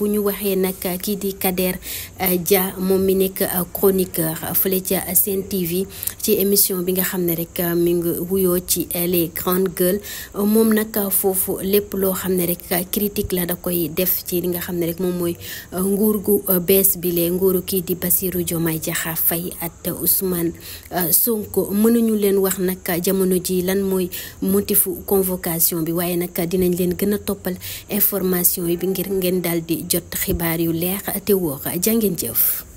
bu ñu waxee nag kii di Kader euh, Dia moom mi nekk euh, chroniqueur fële ca Sen TV ci émission bi nga xam ne rek euh, mi nga wuyoo ci les grandes gueules moom nag foofu lépp loo xam ne rek critique la koy def ci li nga xam ne rek moom mooy nguur gu bees bi lee nguuru kii di Bassirou Diomaye Diakhar fay at Ousmane Sonko mënuñu leen wax nag jamono ji lan mooy motifu convocation bi waaye nag dinañ leen gën a toppal information bi ngir ngeen daal di jot xibaar yu leex te wóor jàngeen jëf